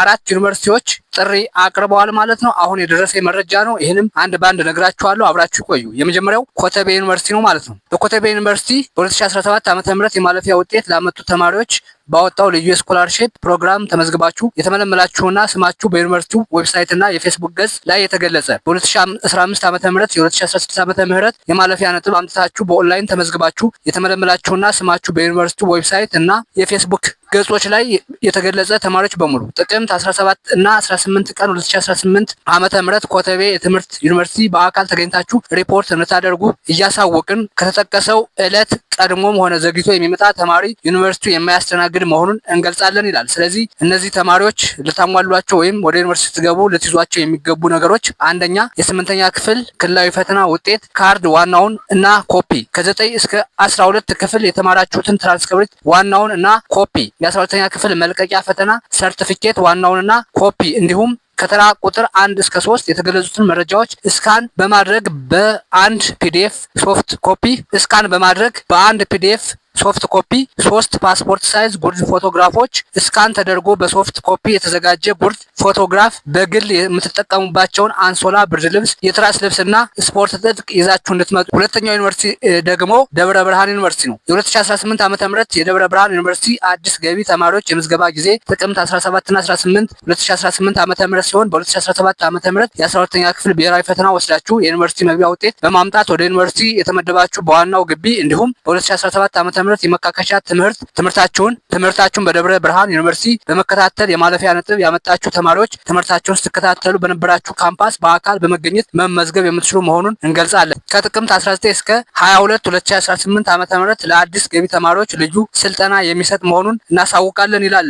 አራት ዩኒቨርሲቲዎች ጥሪ አቅርበዋል ማለት ነው። አሁን የደረሰ መረጃ ነው። ይህንም አንድ ባንድ ነግራችኋለሁ። አብራችሁ ቆዩ። የመጀመሪያው ኮተቤ ዩኒቨርሲቲ ነው ማለት ነው። በኮተቤ ዩኒቨርሲቲ በ2017 ዓ ም የማለፊያ ውጤት ላመጡ ተማሪዎች ባወጣው ልዩ የስኮላርሽፕ ፕሮግራም ተመዝግባችሁ የተመለመላችሁና ስማችሁ በዩኒቨርሲቲው ዌብሳይትና የፌስቡክ ገጽ ላይ የተገለጸ በ2015 ዓ ም የ2016 ዓ ም የማለፊያ ነጥብ አምጥታችሁ በኦንላይን ተመዝግባችሁ የተመለመላችሁና ስማችሁ በዩኒቨርሲቲው ዌብሳይት እና የፌስቡክ ገጾች ላይ የተገለጸ ተማሪዎች በሙሉ ጥቅምት 17 እና 18 ቀን 2018 ዓመተ ምህረት ኮተቤ የትምህርት ዩኒቨርሲቲ በአካል ተገኝታችሁ ሪፖርት እንድታደርጉ እያሳወቅን ከተጠቀሰው ዕለት ቀድሞም ሆነ ዘግይቶ የሚመጣ ተማሪ ዩኒቨርሲቲው የማያስተናግድ መሆኑን እንገልጻለን ይላል። ስለዚህ እነዚህ ተማሪዎች ልታሟሏቸው ወይም ወደ ዩኒቨርሲቲ ስትገቡ ልትይዟቸው የሚገቡ ነገሮች አንደኛ የስምንተኛ ክፍል ክልላዊ ፈተና ውጤት ካርድ ዋናውን እና ኮፒ ከዘጠኝ እስከ አስራ ሁለት ክፍል የተማራችሁትን ትራንስክሪፕት ዋናውን እና ኮፒ የአስራ ሁለተኛ ክፍል መልቀቂያ ፈተና ሰርቲፊኬት እና ኮፒ እንዲሁ እንዲሁም ከተራ ቁጥር አንድ እስከ ሶስት የተገለጹትን መረጃዎች ስካን በማድረግ በአንድ ፒዲኤፍ ሶፍት ኮፒ ስካን በማድረግ በአንድ ፒዲኤፍ ሶፍት ኮፒ ሶስት ፓስፖርት ሳይዝ ጉርድ ፎቶግራፎች ስካን ተደርጎ በሶፍት ኮፒ የተዘጋጀ ጉርድ ፎቶግራፍ በግል የምትጠቀሙባቸውን አንሶላ፣ ብርድ ልብስ፣ የትራስ ልብስና ስፖርት ጥጥቅ ይዛችሁ እንድትመጡ። ሁለተኛው ዩኒቨርሲቲ ደግሞ ደብረ ብርሃን ዩኒቨርሲቲ ነው። የ2018 ዓ ም የደብረ ብርሃን ዩኒቨርሲቲ አዲስ ገቢ ተማሪዎች የምዝገባ ጊዜ ጥቅምት 17ና 18 2018 ዓ ም ሲሆን በ2017 ዓ ም የ12ኛ ክፍል ብሔራዊ ፈተና ወስዳችሁ የዩኒቨርሲቲ መግቢያ ውጤት በማምጣት ወደ ዩኒቨርሲቲ የተመደባችሁ በዋናው ግቢ እንዲሁም በ2017 ዓ ትምህርት የመካከሻ ትምህርት ትምህርታችሁን ትምህርታችሁን በደብረ ብርሃን ዩኒቨርሲቲ በመከታተል የማለፊያ ነጥብ ያመጣችሁ ተማሪዎች ትምህርታችሁን ስትከታተሉ በነበራችሁ ካምፓስ በአካል በመገኘት መመዝገብ የምትችሉ መሆኑን እንገልጻለን። ከጥቅምት 19 እስከ 22 2018 ዓ ለአዲስ ገቢ ተማሪዎች ልዩ ስልጠና የሚሰጥ መሆኑን እናሳውቃለን ይላል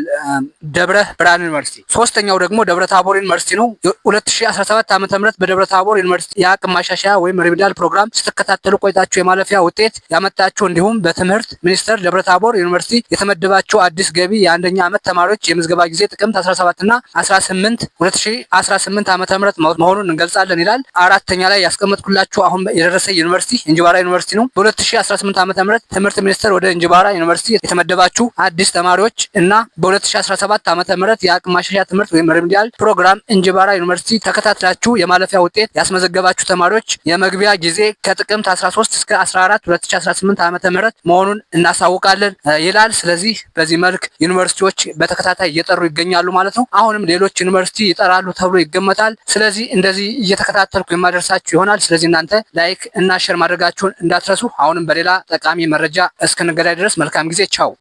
ደብረ ብርሃን ዩኒቨርሲቲ። ሶስተኛው ደግሞ ደብረ ታቦር ዩኒቨርሲቲ ነው። 2017 ዓ ም በደብረ ታቦር ዩኒቨርሲቲ የአቅም ማሻሻያ ወይም ሪሚዲያል ፕሮግራም ስትከታተሉ ቆይታችሁ የማለፊያ ውጤት ያመጣችሁ እንዲሁም በትምህርት ሚኒስቴር ደብረታቦር ዩኒቨርሲቲ የተመደባቸው አዲስ ገቢ የአንደኛ ዓመት ተማሪዎች የምዝገባ ጊዜ ጥቅምት 17 እና 18 2018 ዓ ም መሆኑን እንገልጻለን ይላል። አራተኛ ላይ ያስቀመጥኩላችሁ አሁን የደረሰ ዩኒቨርሲቲ እንጅባራ ዩኒቨርሲቲ ነው። በ2018 ዓ ም ትምህርት ሚኒስቴር ወደ እንጅባራ ዩኒቨርሲቲ የተመደባችሁ አዲስ ተማሪዎች እና በ2017 ዓ ም የአቅም ማሻሻያ ትምህርት ወይም ሪሚዲያል ፕሮግራም እንጅባራ ዩኒቨርሲቲ ተከታትላችሁ የማለፊያ ውጤት ያስመዘገባችሁ ተማሪዎች የመግቢያ ጊዜ ከጥቅምት 13 እስከ 14 2018 ዓ ም መሆኑን እናሳውቃለን ይላል። ስለዚህ በዚህ መልክ ዩኒቨርሲቲዎች በተከታታይ እየጠሩ ይገኛሉ ማለት ነው። አሁንም ሌሎች ዩኒቨርሲቲ ይጠራሉ ተብሎ ይገመታል። ስለዚህ እንደዚህ እየተከታተልኩ የማደርሳችሁ ይሆናል። ስለዚህ እናንተ ላይክ እና ሼር ማድረጋችሁን እንዳትረሱ። አሁንም በሌላ ጠቃሚ መረጃ እስክንገዳይ ድረስ መልካም ጊዜ ቻው።